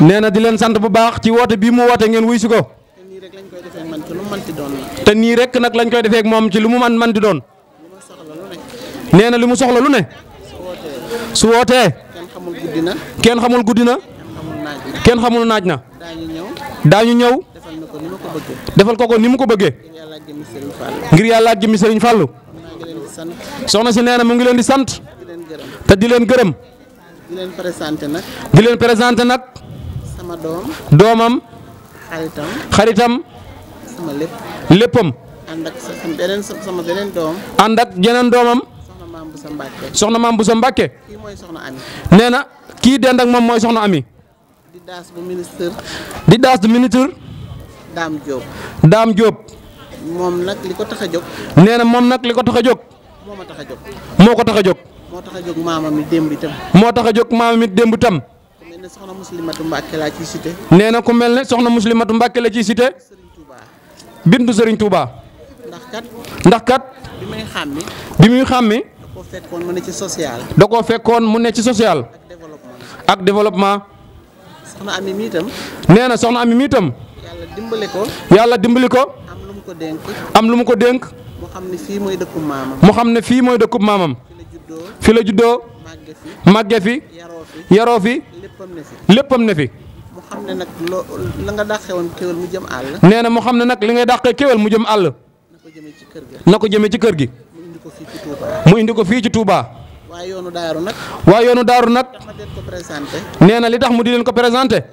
nee na di leen sant bu baax ci woote bii mu woote ngeen wuy si ko. te nii rek lañ nag lañ koy defee moom ci lu mu man mënti doon. nee na li mu soxla lu ne. su wootee. kenn xamul guddi na. kenn xamul naaj na. daañu ñëw. daañu ñëw. defal ko ko ni mu ko bëggee. ngir yàlla ak jëmmi Serigne Fallou. soxna si nee na mu ngi leen di sant. te di leen gërëm. di leen présenté nag. nag. sama doom. doomam. xaritam. xaritam. sama lépp. léppam. ànd ak sama beneen doom. ànd ak jeneen doomam. soxna maam bu sa Mbàkke. soxna maam sa Mbàkke. kii mooy soxna nee na kii dend moom mooy soxna Ami. di daas bu ministre. di daas du ministre. Dame Diop. Dame Diop. moom nag li ko tax a jóg. nee na moom nag li ko tax a jóg. moo ma tax a jóg. moo ko tax a jóg. moo tax a jóg maama mi démb moo tax a jóg maama mi démb ne soxna muslimatu Mbàkke laa ciy cité. nee na ku mel ne soxna muslimatu Mbàkke la ciy cité. bindu Serigne Touba. ndax kat. ndax kat. bi muy xàmmi. bi muy xàmmi. da koo fekkoon mu ne ci social. da koo fekkoon mu ne ci social. ak développement. ak développement. soxna ami mi nee na soxna mi itam. yàlla dimbali ko. yàlla dimbali ko. am lu mu ko dénk. am lu mu xam ne fii mooy dëkkub maamam. fii la juddoo. màgge fi yaroo fi léppam ne fi. mu xam ne nag loo la nga dàqee woon kéwél mu jëm àll. nee na mu xam ne nag li ngay dàqee kéwél mu jëm àll. na ko jëmee ci kër gi. mu indi ko fii ci Touba. mu waaye yoonu daaru nag. waaye yoonu daaru nag. nee na li tax mu di leen ko présenté.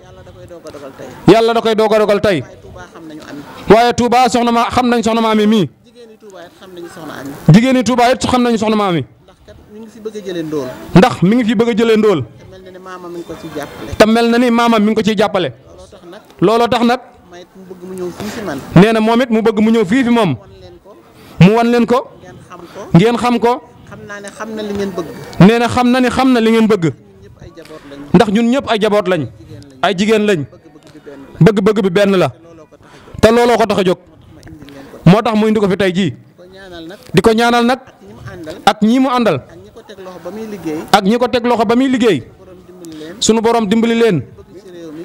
yàlla da koy doog a dogal tey. waaye Touba soxna ma xam nañ soxna maami mii. jigéen ñi Touba it xam nañ soxna maami. mi ngi bëgg a jëlee ndax mi ngi fi bëgg a jëlee ndóol. te mel na ni maama mi ngi ko ciy jàppale. te mel na ni maama mi ngi ko ciy jàppale. looloo tax nag. looloo tax nag. mu bëgg mu ñëw fii fi nee na moom it mu bëgg mu ñëw fii fi moom. mu leen ko. ngeen xam ko ngeen xam ko. xam naa ne xam na li ngeen bëgg. nee na xam na ni xam na li ngeen bëgg. ndax ñun ñëpp ay jaboot lañ. ay jigéen lañ. bëgg-bëgg bi benn la. te looloo ko tax a jóg. moo tax mu indi ko fi tey jii. di ko ñaanal nag. ak ñi mu àndal. teg loxo ba liggéey. ak ñi ko teg loxo ba muy liggéey. sunu boroom dimbali leen.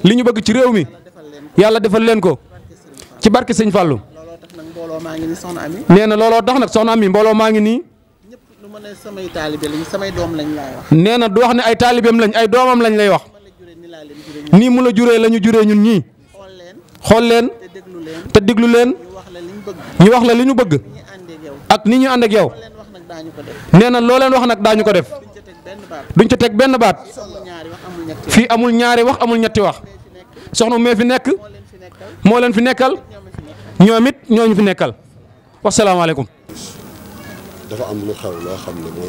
li ñu bëgg ci réew mi. yàlla defal leen ko. ci barke sëñ Fàllu. nee na looloo tax nag soxna Ami mbooloo maa ngi nii. nee na du wax ne ay taalibeem lañ ay doomam lañ lay wax. nii mu la juree la ñu juree ñun ñii. xool leen te déglu leen ñu wax la li ñu bëgg. ak ni ñu ànd ak nee na loo leen wax nag daañu ko def duñ ca teg benn baat fii amul ñaari wax amul ñetti wax soxna mee fi nekk moo leen fi nekkal ñoom it ñooñu fi nekkal wasalaamaaleykum. dafa am lu loo xam ne mi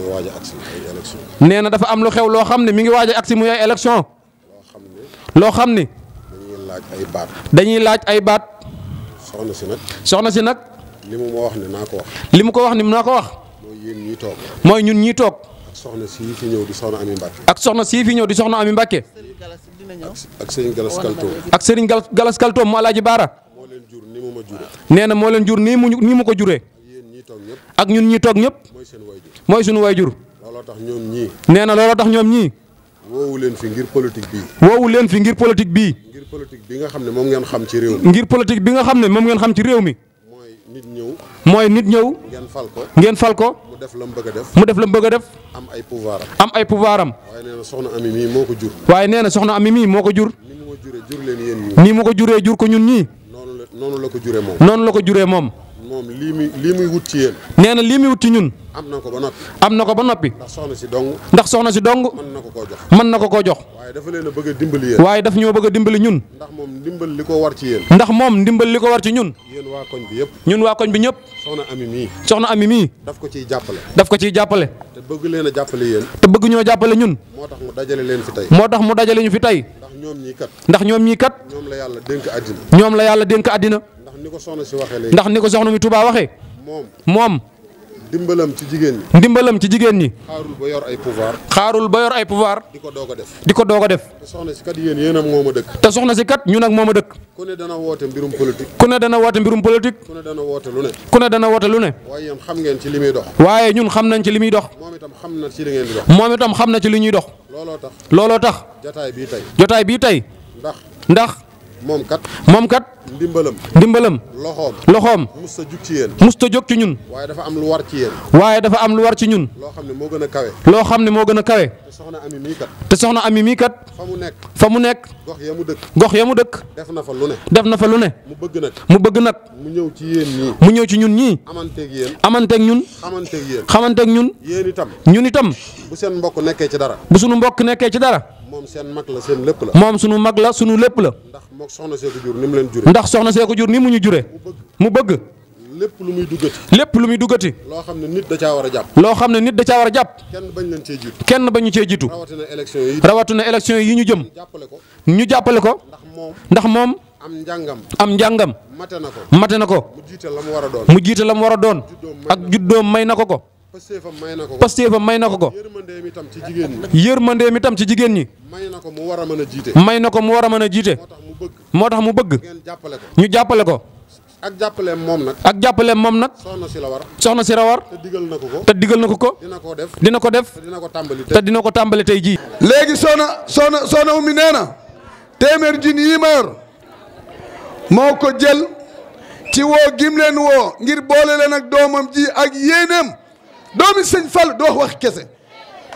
ngi na dafa am lu xew loo xam ne mi ngi waaj a agsi muy ay loo xam ne. dañuy laaj dañuy laaj ay baat. soxna si nag. li mu ma wax ni naa ko wax. yéen ñii toog. mooy ñun ñii toog. ak soxna si fi ñëw di soxna Ami Mbacke. ak soxna si fi ñëw di soxna Ami Mbacke. ak Serigne Galas Kaltoom. ak Serigne Galas Kaltoom mu Alaaji Baara. moo leen jur ni mu ma nee na moo leen jur nii mu nii mu ko juree. ak ñun ñii toog ñëpp. mooy seen wayjur. mooy suñu wayjur. jur tax ñoom ñii. nee na looloo tax ñoom ñii. woowu leen fi ngir politique bii. woowu leen fi ngir politique bii. ngir politique bi nga xam ne ngeen xam ci ngir politique bi nga xam ne moom ngeen xam ci réew mi. nit ñëw. mooy nit ñëw. ngeen fal ko ngeen fal ko. mu def la mu bëgg def. mu def la mu bëgg def. am ay pouvoir am. ay pouvoir am. waaye nee na soxna Ami mii moo ko jur. waaye nee na soxna Ami mii moo ko jur. ni mu ko juree jur leen yéen ñii. ni mu ko juree jur ko ñun ñii. noonu la noonu la ko juree moom. noonu la ko juree moom. moom lii muy lii muy wut ci yéen. nee na lii muy wut ci ñun. am na ko ba noppi. am na ko ba noppi. ndax soxna si dong. ndax soxna si dong. mën na ko koo jox mën na ko koo jox. waaye dafa leen bëgg a waaye daf ñoo bëgg dimbali ñun. ndax moom ndimbal li ko war ci ndax moom ndimbal li ko war ci ñun. yéen waa koñ bi yëpp. ñun waa koñ bi ñëpp. soxna ami mii. soxna ami mii. daf ko ciy jàppale. daf ko ciy jàppale. bëgg leen a jàppale yéen. te bëgg ñoo jàppale ñun. moo tax mu dajale leen fi tey. moo tax mu dajale ñu fi tey. ndax ñoom ñii kat. ndax ñoom ñii kat. ñoom la yàlla dénk àddina. ñoom la yàlla dénk àddina ni ko soxna si waxee léegi. ndax ni ko soxna mi Touba waxee. moom moom. ndimbalam ci jigéen ñi. ndimbalam ci jigéen ñi. xaarul ba yor ay pouvoir. xaarul ba ay pouvoir. di ko doog a def. di ko doog a def. soxna si kat yéen yéen ak moom a dëkk. te soxna si kat ñu nag moom a dëkk. ku ne dana woote mbirum politique. ku ne dana woote mbirum politique. ku ne dana woote lu ne. ku ne dana ne. waaye yéen xam ngeen ci li muy dox. waaye ñun xam nañ ci li muy dox. moom itam xam na ci li ngeen di dox. xam na ci li ñuy dox. looloo tax. looloo tax. jotaay bii tay jotaay bii tey. ndax. ndax. moom kat. moom kat. ndimbalam ndimbalam loxoom loxoom musta jóg ci yéen musta jóg ci ñun waaye dafa am lu war ci yéen waaye dafa am lu war ci ñun loo xam ne moo gën a kawe loo xam ne moo gën a kawe te soxna ami mii kat te soxna ami mii kat fa mu nekk fa mu nekk gox ya mu dëkk gox ya mu dëkk def na fa lu ne def na fa lu ne mu bëgg nag mu bëgg nag mu ñëw ci yéen ñii mu ñëw ci ñun ñii amanteeg yéen amanteeg ñun xamanteeg yéen xamanteeg ñun yéen itam ñun itam bu seen mbokk nekkee ci dara bu suñu mbokk nekkee ci dara moom seen mag la seen lépp la. moom sunu mag la sunu lépp la. ndax moog soxna Seeku Jur ni mu leen jure. ndax soxna Seeku Jur ni mu ñu jure. mu bëgg. lépp lu muy duggati. lépp lu muy duggati. loo xam ne nit da caa war a jàpp. loo xam ne nit da caa a jàpp. kenn bañ leen cee jiitu. kenn bañu cee jiitu. rawatina élection yi. rawatina élection yi ñu jëm. ñu jàppale ko. ndax moom ndax moom. am njàngam am njàngam. mate na ko mate na ko. mu la mu war a doon. mu jiite la mu war a doon. ak juddoom may na ko ko. pasteefam may na ko ko pasteefam may na ko ko. yërmandee mi tam ci jigéen ñi. yërmandee mi tam ci jigéen ñi. may na ko mu war a mën a jiite. may na ko mu war a mën a jiite. moo tax mu bëgg. moo tax mu bëgg. ngeen jàppale ñu jàppale ko. ak jàppaleem moom nag. ak jàppaleem moom nag. soxna si la war. soxna si la war. te digal na ko ko. te digal na ko ko. dina ko def. dina def. te dina ko tàmbali tey dina ko tàmbali tey jii. léegi soxna soxna soxna Oumy nee na téeméer junni yi ma moo ko jël ci woo gim leen woo ngir boole leen ak doomam ji ak yéeneem doomi sëñ Fall du wax wax kese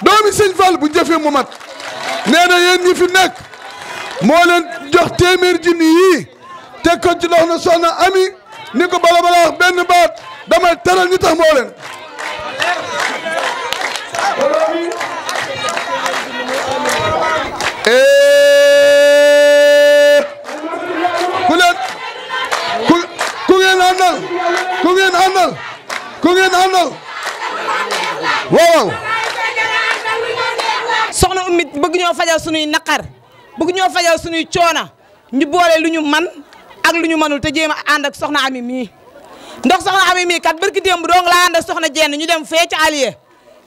doomi sëñ Fall bu jëfee mu mat nee na yéen ñi fi nekk moo jox téeméer junni yii teg ko ci dox na soxna ami ni ko bala benn baat damay teral ñu tax moo eh, ku leen ku ku ngeen àndal ku ngeen àndal ku ngeen àndal waaw soxna Oumy bëgg ñoo fajal suñuy naqar bug ñoo fajal suñuy coona ñu boole lu ñu man ak lu ñu manul te jéem a ànd ak soxna Ami mii ndox soxna Ami mii kat barki démb dong laa ànd ak soxna Jenn ñu dem fee ci Alieu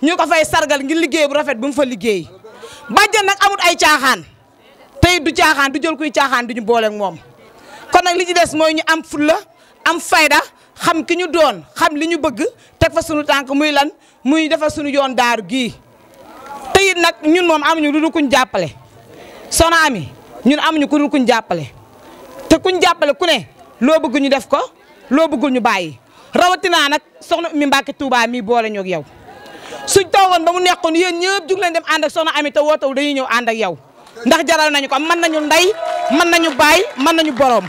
ñu ko fay sargal ngir liggéey bu rafet bu mu fa liggéey bàjjan nag amut ay caaxaan tey du caaxaan du jël kuy caaxaan du ñu boole moom kon nag li ci des mooy ñu am fulla am fayda xam ki ñu doon xam li ñu bëgg teg fa sunu tànk muy lan muy defa sunu yoon daaru gii te yit nag ñun moom amuñu lu dul kuñ jàppale Soxna Ami ñun amuñu ku dul kuñ jàppale te kuñ jàppale ku ne loo bëgg ñu def ko loo bëggul ñu bàyyi rawatinaa nag soxna mi Mbàkke Touba mi boole ñoog yow suñ toogoon ba mu nekkoon yéen ñëpp jug leen dem ànd ak Soxna Ami te taw dañuy ñëw ànd ak yow ndax jaral nañu ko mën nañu ndey mën nañu baay mën nañu boroom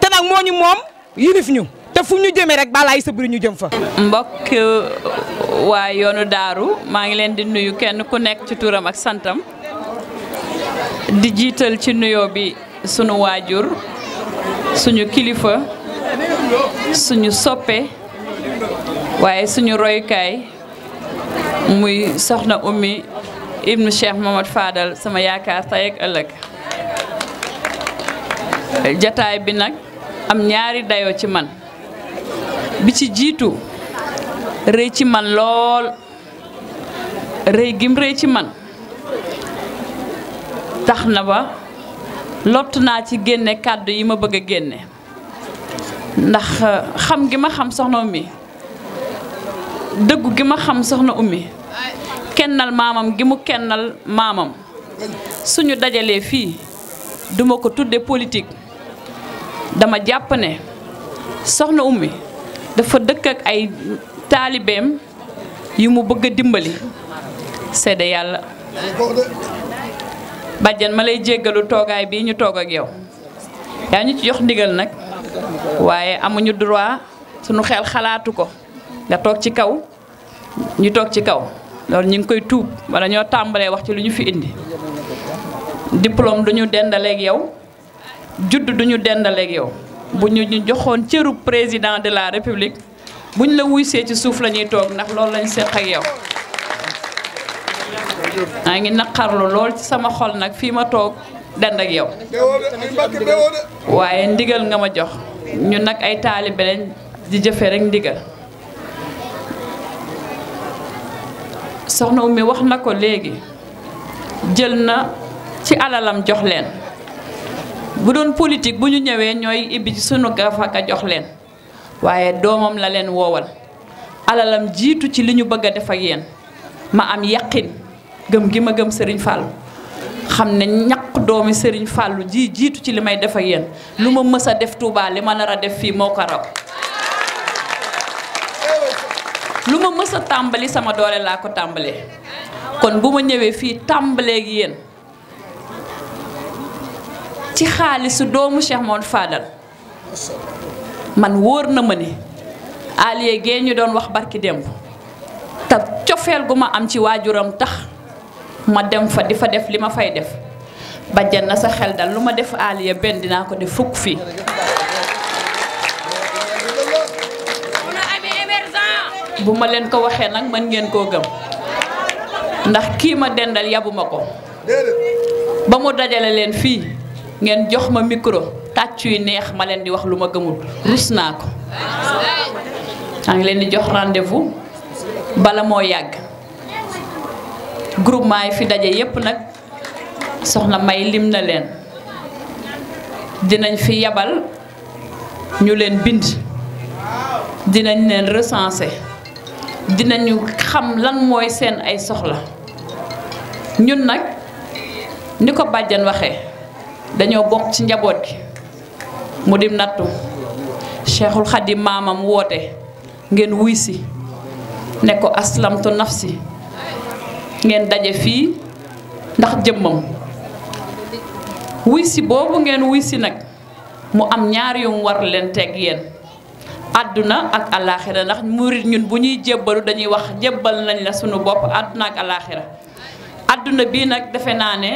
te nag moo ñu moom yilif ñu te fu ñu jëmee rek balaay sabri ñu jëm fa. mbokk euh, waa yoonu daaru maa ngi leen di nuyu kenn ku nekk ci turam ak santam di jiital ci nuyoo bi sunu waajur suñu kilifa suñu soppe waaye suñu royukaay muy soxna ummi ibnu cheikh Mohamad faadal sama yaakaar tey ak ëllëg jataay bi nag am ñaari dayoo ci man bi ci jiitu rëy ci man lool rëy gim rëy ci man tax na ba lott naa ci génne kàddu yi ma bëgg génne ndax euh, xam gi ma xam soxna ummi dëggu gi ma xam soxna ummi kennal maamam gi mu kennal maamam suñu dajalee fii duma ko tudde politik dama jàpp ne soxna ummi dafa dëkk ak ay taalibeem yu mu bëgg a dimbali sedd yàlla bàjjan ma lay jéggalu toogaay bii ñu toog ak yow yaa ñu ci jox ndigal nag waaye amuñu droit sunu xel xalaatu ko nga toog ci kaw ñu toog ci kaw loolu ñu ngi koy tuub wala ñoo tàmbalee wax ci lu ñu fi indi diplôme duñu dendaleeg yow judd duñu dendaleeg yow bu ñu ñu joxoon cëru président de la république buñ la wuysee ci suuf la ñuy toog ndax loolu lañ seq ak yow maa ngi naqarlu lool ci sama xol nag fii ma toog dend ak yow waaye ndigal nga ma jox ñu nag ay taalibe lañ di jëfe rek ndigal soxna Oumy wax na ko léegi jël na ci alalam jox leen bu doon politique bu ñu ñëwee ñooy ibbi ci sunu gafaka jox leen waaye doomam la leen woowal alalam jiitu ci li ñu bëgg a def yeen ma am yaqin gëm gi ma gëm sëriñ Fallou xam ne ñaq doomi Serigne Fallou ji jiitu ci li may def ak yéen lu ma mës a def Touba li ma nar a def fii moo ko raw lu ma mës a tàmbali sama doole laa ko tàmbalee kon bu ma ñëwee fii tàmbaleeg yéen. ci xaalisu doomu Cheikh Moon Fadal man wóor na ma ni Aliou gee ñu doon wax barki demb te cofeel gu ma am ci waajuram tax ma dem fa di fa def li ma fay def bajjan na sa xel dal lu ma def Aliou benn dinaa ko def fukk fii bu ma leen ko waxee nag mën ngeen koo gëm ndax kii ma dendal yabu ma ko ba mu dajale leen fii ngeen jox ma micro tàccu yu neex ma leen di wax lu ma gëmul rus naa ko maa ngi leen di jox rendez bala moo yàgg groupement yi fi daje yépp nag soxna may lim na leen dinañ fi yabal ñu leen bind dinañ leen recenser dinañu xam lan mooy seen ay soxla ñun nag ni ko bàjjan waxee dañoo bokk ci njaboot gi mu di nattu cheikhul xadim maamam woote ngeen wuy ne ko aslamtu nafsi ngeen daje fii ndax jëmmam wuy si boobu ngeen wuy si nag mu am ñaar yu mu war leen teg yéen àdduna ak alaaxira ndax murit ñun bu ñuy jébbalu dañuy wax jébbal nañ la sunu bopp àdduna ak alaaxira àdduna bii nag defe naa ne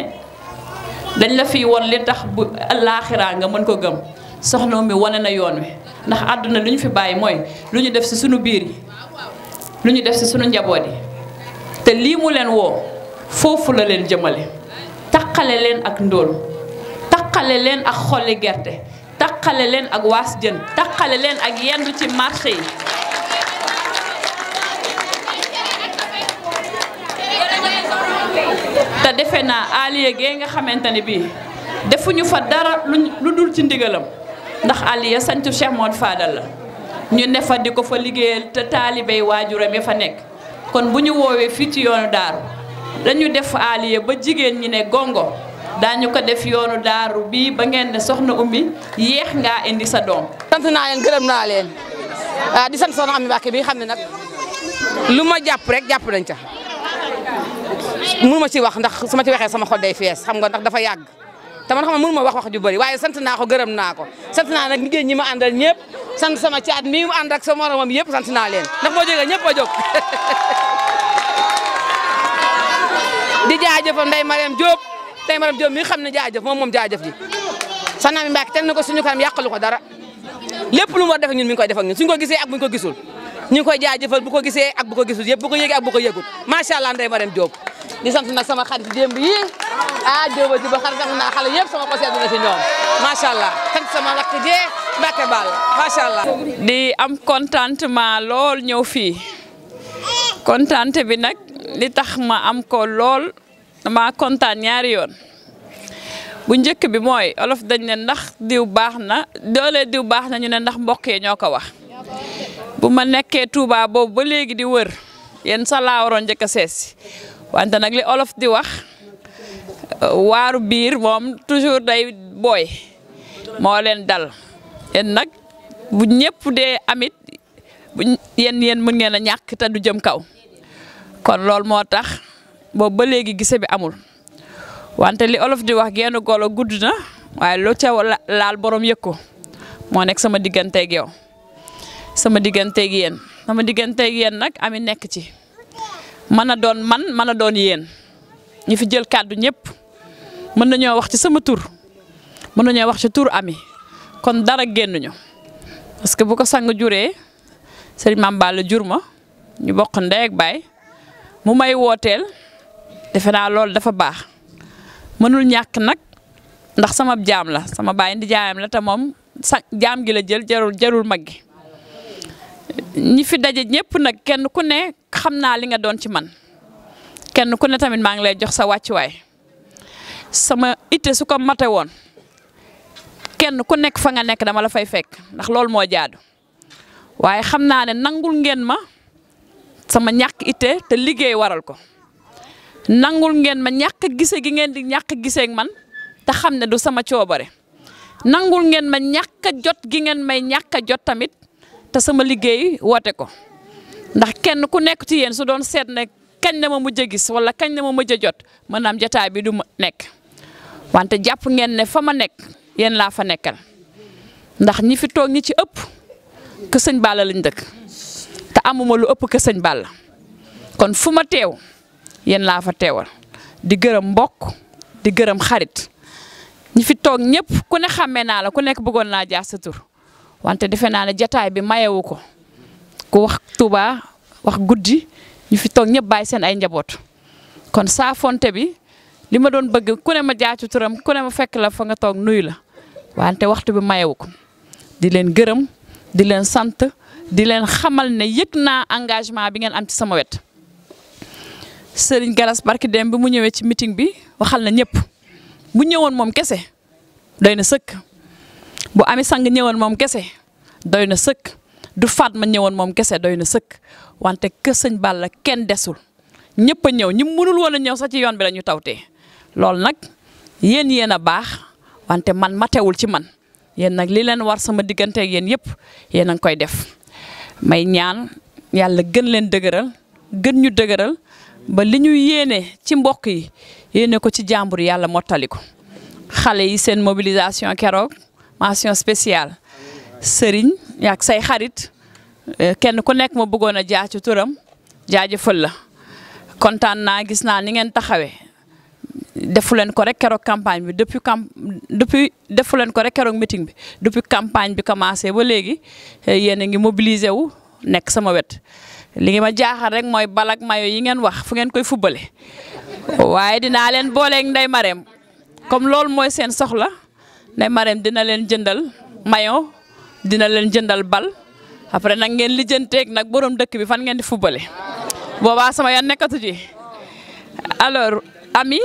dañ la fi won li tax bu laaxiraa nga mën ko gëm soxna mi wane na yoon wi ndax àdduna li ñu fi bàyyi mooy lu ñu def si sunu biir yi lu ñu def si sunu njaboot yi te lii mu leen woo foofu la leen jëmale taqale leen ak ndóol taqale leen ak xolli gerte taqale leen ak waas jën taqale leen ak yendu ci marché yi te defe naa Aliou gee nga xamante ne bii defuñu fa dara lu dul ci ndigalam ndax Aliou santu Cheikh Modou Fadal la ñu ne fa di ko fa liggéeyal te taalibey waajuram ya fa nekk kon bu ñu woowee fii ci yoonu daaru dañu def Aliou ba jigéen ñi ne gongo daañu ko def yoonu daaru bii ba ngeen de soxna ummi yéex ngaa indi sa doom. sant naa leen gërëm naa leen ah, di sant soxna Amy Mbacké bi xam ne nag lu ma jàpp rek jàpp nañ ca. mënu ma ci wax ndax su ma ci waxee sama ko day fees xam nga ndax dafa yàgg te man xam nga mënu ma wax wax ju bëri waaye sant naa ko gërëm naa ko sant naa nag liggéey ñi ma àndal ñëpp sant sama caat mi mu ànd ak sama moromam yëpp sant naa leen ndax boo jógee ñëpp a jóg di jaajëfal Ndeye Mariam Diop Ndeye Mariam Diop mi xam ne jaajaf moom moom jaajaf ji sax naa mi Mbàkke ten na ko suñu kanam yàqalu ko dara lépp lu mu war def ñun mi ko koy def ak ñun suñu ko gisee ak buñ ko gisul ñu ko koy jaajëfal bu ko gisee ak bu ko gisul yëpp bu ko yëgee bu ko yëgut macha allah Ndeye Marème Diop di sant na sama xarit démb yi ah démb ji ba xarit am naa xale yëpp ko seetlu na allah sant sama lakk jee Mbacke Ball di am contentement lool ñëw fii contente bi nag li tax ma am ko lool ma kontaan ñaari yoon. bu njëkk bi mooy olof dañ ne ndax diw baax na doole diw baax na ñu ne ndax mbokk yi ñoo ko wax bu ma nekkee Touba boobu ba léegi di wër yen sax laa njëkk a seesi wante nag li olof di wax waaru biir moom toujours day booy moo leen dal yéen nag bu ñëpp dee amit bu yéen yéen ngeen a ñàkk te du jëm kaw kon loolu moo tax boobu ba léegi gise bi amul wante li olof di wax genn golo gudd na waaye lu ca laal borom yëg ko moo nekk sama digganteeg yow. sama digganteeg yéen sama digganteeg yéen nag ami nekk ci mën a doon man mën a doon yéen ñi fi jël kàddu ñëpp mën nañoo wax ci sama tur mën nañoo wax ci tur ami kon dara génnuñu parce que bu ko sang juree sëriñ Mame Balla jur ma ñu bokk ndey baay mu may wooteel defe naa loolu dafa baax mënul ñàkk nag ndax sama jaam la sama baay ndi jaayam la te moom sa jaam gi la jël jarul jarul mag gi ñi fi daje ñëpp nag kenn ku ne xam naa li nga doon ci man kenn ku ne tamit maa ngi lay jox sa wàccuwaay sama itte su ko mate woon kenn ku nekk fa nga nekk dama la fay fekk ndax loolu moo jaadu waaye xam naa ne nangul ngeen ma sama ñàkk itte te liggéey waral ko nangul ngeen ma ñàkk gise gi ngeen di ñàkk gisee ak man te xam ne du sama coobare nangul ngeen ma ñàkk a jot gi ngeen may ñàkk a jot tamit te sama liggéey woote ko ndax kenn ku nekk ci yéen su doon seet ne kañ la ma mujj gis wala kañ la ma mujj a jot maanaam jotaay bi du ma nekk wante jàpp ngeen ne fa ma nekk yéen laa fa nekkal ndax ñi fi toog ñi ci ëpp kë sëñ Balla lañ dëkk te amuma lu ëpp kë sëñ Balla kon fu ma teew yéen laa fa teewal di gërëm mbokk di gërëm xarit ñi fi toog ñëpp ku ne xàmmee naa la ku nekk bëggoon naa jaar sa tur wante defe naa ne jataay bi mayewu ko ku wax Touba wax guddi ñu fi toog ñëpp bàyyi seen ay njaboot kon saa fonte bi li ma doon bëgg ku ne ma jaacu turam ku ne ma fekk la fa nga toog nuyu la wante waxtu bi mayewu ko di leen gërëm di leen sant di leen xamal ne yëg naa engagement bi ngeen am ci sama wet sëriñ Galas barki dem bi mu ñëwee ci meeting bi waxal na ñëpp bu ñëwoon moom kese doy na sëkk. bu ami sang ñëwoon moom kese doy na sëkk du ma ñëwoon moom kese doy na sëkk wante kër sëñ Balla kenn desul ñëpp a ñëw ñi mënul woon a ñëw sax ci yoon bi la tawtee loolu nag yéen yéen a baax wante man matewul ci man yéen nag li leen war sama diggante ak yéen yëpp yéen a ngi koy def may ñaan yàlla gën leen dëgëral gën ñu dëgëral ba li ñu yéene ci mbokk yi yéene ko ci jàmbur yàlla mottali ko xale yi seen mobilisation keroog. mention spéciale sëriñ yaak say xarit eh, kenn ku nekk ma bëggoon a jaa ci turam jaajëfal la kontaan naa gis naa ni ngeen taxawee defu leen ko rek keroog campagne bi depuis camp depuis defu leen ko rek keroog bi depuis campagne bi commencé ba léegi eh, yéen a ngi mobiliser wu nekk sama wet li ngi ma jaaxal rek mooy balak mayo yi ngeen wax fu ngeen koy fubbale waaye dinaa leen booleeg Ndeye Marème comme loolu mooy seen soxla. ne Marème dina leen jëndal maillot dina leen jëndal bal après nag ngeen lijjanteeg nag borom dëkk bi fan ngeen di fubale boobaa sama yoon nekkatu ji alors ami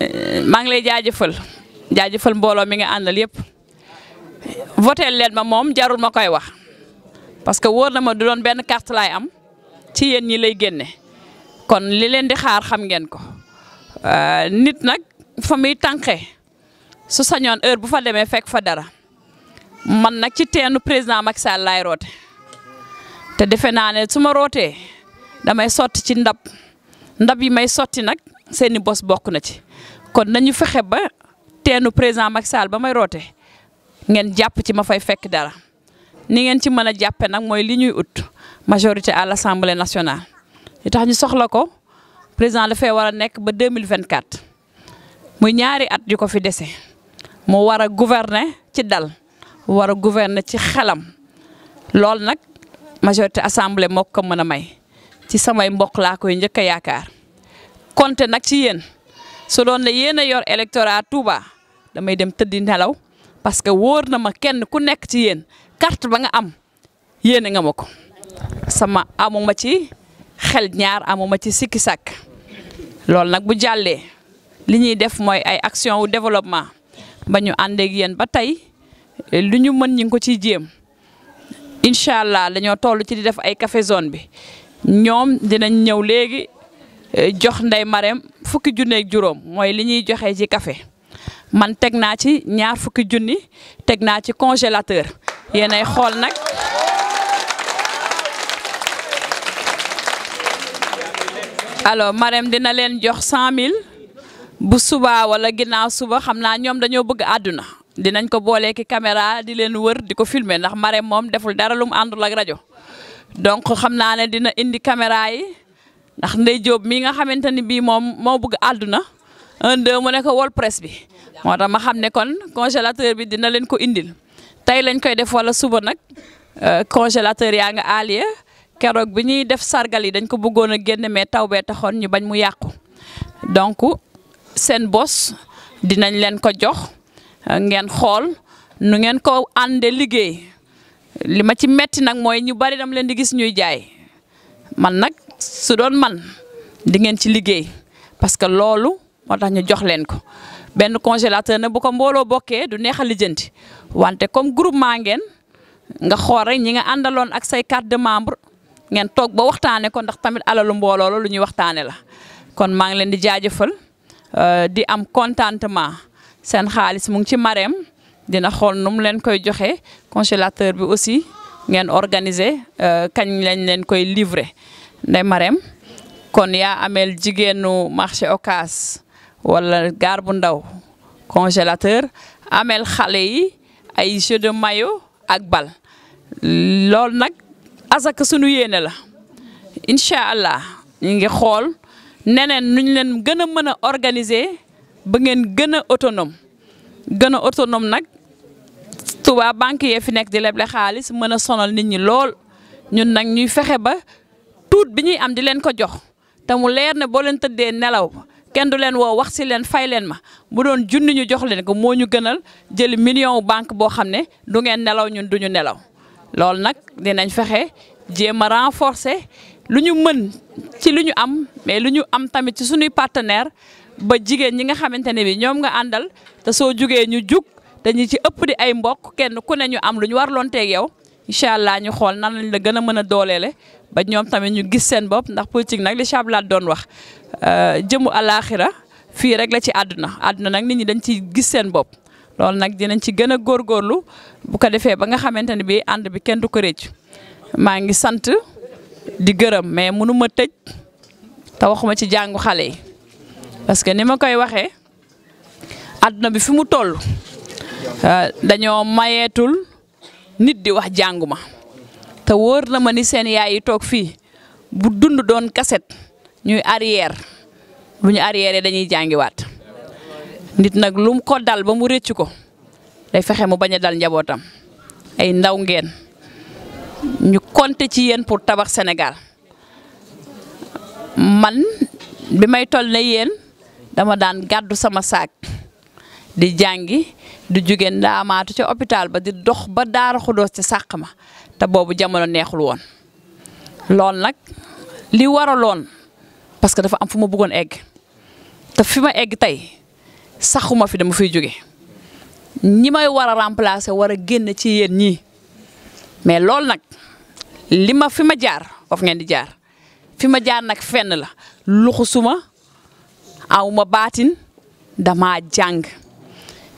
euh, maa ngi lay jaajëfal jaajëfal mbooloo mi nga àndal yëpp voté leen ma moom jarul ma koy wax parce que woor na ma du doon benn carte laay am ci yéen ñi lay génne kon li leen di xaar xam ngeen ko euh, nit nag fa muy tànqee su sañoon heure bu fa demee fekk fa dara man nag ci teenu président Macky Sall roote te defe naa ne su ma rootee damay sotti ci ndab ndab yi may sotti nag seeni bos bokk na ci kon nañu fexe ba teenu président Macky ba may roote ngeen jàpp ci ma fay fekk dara ni ngeen ci mën a jàppe nag mooy li ñuy ut majorité à l'Assemblée national li tax ñu soxla ko président dafay war a nekk ba 2024 muy ñaari at yi ko fi dese moo war a gouverner ci dal war a gouverner ci xelam loolu nag majorité assemblée moo ko mën a may ci samay mbokk laa koy njëkk a yaakaar compter nag ci yéen su doon ne yéen a yor électorat Touba damay dem tëddi nelaw parce que wóor na ma kenn ku nekk ci yéen carte ba nga am yéene nga ma ko sama amuma ci xel ñaar amuma ci siki sàkk loolu nag bu jàllee li ñuy def mooy ay action wu développement ba ñu àndeeg yéen ba tey eh, lu ñu mën ñu ko ciy jéem incha allah dañoo toll ci di def ay café zone bi ñoom dinañ ñëw léegi eh, jox ndey mareem fukki junneeg juróom mooy li ñuy joxe ci café man teg naa ci ñaar fukki junni teg naa ci congélateur ay xool nag alors mareem dina leen jox cent mille bu subaa wala ginnaaw suba xam naa ñoom dañoo bëgg àdduna dinañ ko boolee ki caméra di leen wër di ko filmer ndax Marème moom deful dara lu mu àndul ak rajo donc xam naa ne dina indi caméra yi ndax Ndey Jóob mii nga xamante ni bii moom moo bëgg àdduna un mu ne ko wol presse bi moo tax ma xam ne kon congélateur bi dina leen ko indil tey lañ koy def wala suba nag euh, congélateur yaa nga alie keroog bi ñuy def sargal yi dañ ko bëggoon a génne mais taw bee taxoon ñu bañ mu yàqu seen bos dinañ leen ko jox euh, ngeen xool nu ngeen ko ànde liggéey li ma ci metti nag mooy ñu bari dam leen di gis ñuy jaay man nag su doon man di ngeen ci liggéey parce que loolu moo tax ñu jox leen ko benn congélateur ne bu ko mbooloo bokkee du neex a lijjanti wante comme groupement ngeen nga xool rek ñi nga àndaloon ak say carte de membre ngeen toog ba waxtaanee ko ndax tamit alalu mbooloo lu ñuy waxtaanee la kon maa leen di jaajëfal. Euh, di am contentement seen xaalis mu ngi ci mareem dina xool nu leen koy joxe congélateur bi aussi ngeen organiser euh, kañ lañ leen koy livrer nday mareem kon yaa ameel jigéenu marché Ocass wala gar bu ndaw congélateur ameel xale yi ay jeu de maillot ak bal loolu nag asaka sunu yéene la incha allah ñu ngi xool. neneen nuñ leen gën a mën a organiser ba ngeen gën a autonome gën a autonome nag Touba banque yee fi nekk di leble xaalis mën a sonal nit ñi lool ñun nag ñuy fexe ba tuut bi ñuy am di leen ko jox te mu leer ne boo leen tëddee nelaw kenn du leen woo wax si leen fay leen ma bu doon junni ñu jox leen ko moo ñu gënal jëli million banque boo xam ne du ngeen nelaw ñun duñu ñu nelaw loolu nag dinañ fexe jéem a renforcer. lu ñu mën ci lu ñu am mais lu ñu am tamit ci suñuy partenaire ba jigéen ñi nga xamante ne bi ñoom nga àndal te soo jugee ñu jug te ci ëpp di ay mbokk kenn ku ne ñu am lu ñu warloon teeg yow incha allah ñu xool nan lañ la gën a mën a dooleele ba ñoom tamit ñu gis seen bopp ndax politique nag li Chablaat doon wax euh, jëmu alaaxira fii rek la ci àdduna àdduna nag nit ñi dañ ci gis seen bopp loolu nag dinañ ci gën a góorgóorlu bu ko defee ba nga xamante ne bi ànd bi kenn du ko réccu maa ngi sant di gërëm mais mënu tëj te waxuma ci jàngu xale yi parce que ni ma koy waxee àdduna bi fi mu toll euh, dañoo mayeetul nit di wax jàngu ma te wóor na ma ni seen yaay yi toog fii bu dund doon kaset ñuy arrière bu ñu arrière dañuy jàngiwaat nit nag lu ko dal ba mu rëcc ko day fexe mu bañ a dal njabootam ay ndaw ngeen. ñu compter ci yéen pour tabax Sénégal man bi may toll ne yéen dama daan gàddu sama saak di jàngi di jóge ndaamaatu ca hôpital ba di dox ba daara xudoos ci sàq ma te boobu jamono neexul woon lool nag li waraloon parce que dafa am fu ma buggoon egg te fi ma egg tey saxuma fi dama fiy jóge ñi may war a remplacer war a génn ci yéen ñi mais loolu nag li ma fi ma jaar foofu ngeen di jaar fi ma jaar nag fenn la luxusuma aw ma baatin dama jàng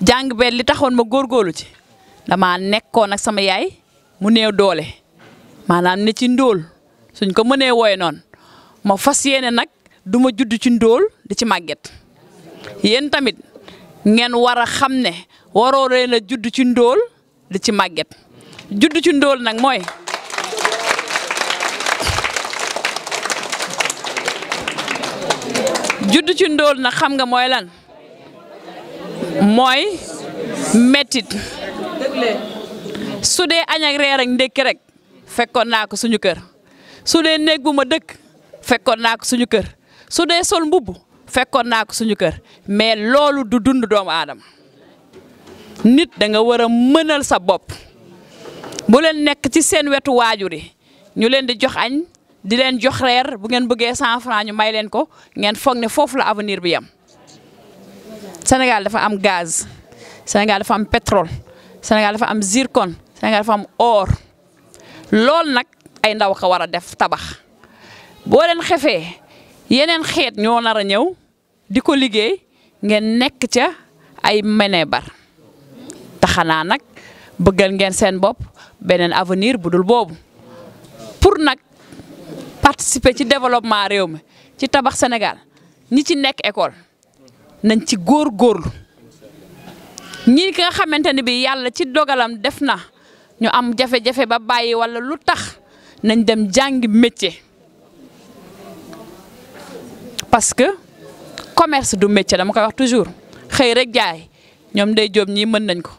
jàng be li taxoon ma góorgóorlu ci dama nekkoon ak sama yaay mu nee doole maanaam ne ci ndóol suñ ko mënee wooye noonu ma fas yéene nag duma ma judd ci ndóol di ci màgget yéen tamit ngeen war a xam ne waroo leen a judd ci ndóol di ci màgget judd ci ndóol nag mooy judd ci ndóol nag xam nga mooy lan mooy mettit su dee añ ak ndëkk ak rek fekkoon naa ko suñu kër su dee néeg bu ma dëkk fekkoon naa ko suñu kër su dee sol mbubb fekkoon naa ko suñu kër mais loolu du dund doomu aadama nit da nga war a mënal sa bopp bu leen nekk ci seen wetu waajur yi ñu leen di jox añ di leen jox reer bu ngeen bëggee cent franc ñu may leen ko ngeen foog ne foofu la avenir bi yam Sénégal dafa am gaz Sénégal dafa am pétrole Sénégal dafa am zircon Sénégal dafa am or loolu nag ay ndaw ko war a def tabax boo leen xefee yeneen xeet ñoo nar a ñëw di ko liggéey ngeen nekk ca ay menebar taxanaa nag bëggal ngeen seen bopp beneen avenir bu dul boobu pour nag participer ci développement réew mi ci tabax Sénégal ñi ci nekk école nañ ci góor góorlu ñi ki nga xamante ne bi yàlla ci dogalam def na ñu am jafe-jafe ba bàyyi wala lu tax nañ dem jàngi métier parce que commerce du métier dama koy wax toujours xëy rek jaay ñoom day jóob ñii mën nañ ko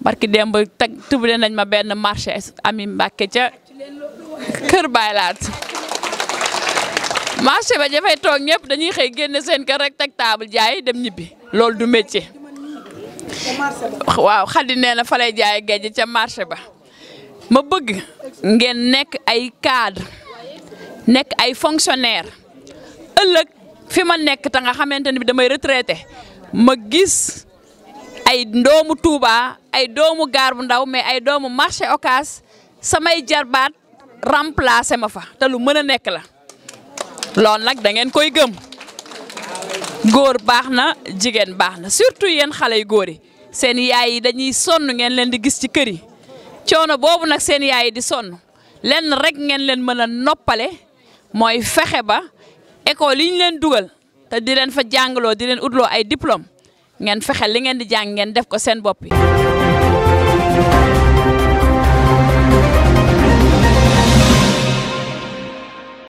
barki démb teg tubale nañ ma benn marché ami Mbàkke ca kër baylaat marché ba dafay toog ñëpp dañuy xëy génne seen kër rek teg table jaay dem ñibbi loolu du métier waaw xaddi nee na fa lay jaay géej ca marché ba ma bëgg ngeen nekk ay cadre nekk ay fonctionnaire ëllëg fi ma nekk ta nga xamante ni bi damay retraité ma gis ay doomu Touba ay doomu gaar bu ndaw mais ay doomu marché Ocass samay jarbaat remplacé ma fa te lu mën a nekk la loolu nag dangeen koy gëm góor baax na jigéen baax na surtout yéen xale yu góor yi seen yaay yi dañuy sonn ngeen leen di gis ci kër yi coono boobu nag seen yaay yi di sonn lenn rek ngeen leen mën a noppale mooy fexe ba école yi ñu leen dugal te di leen fa jàngaloo di leen utloo ay diplôme ngeen fexe li ngeen di jàng ngeen def ko seen bopp yi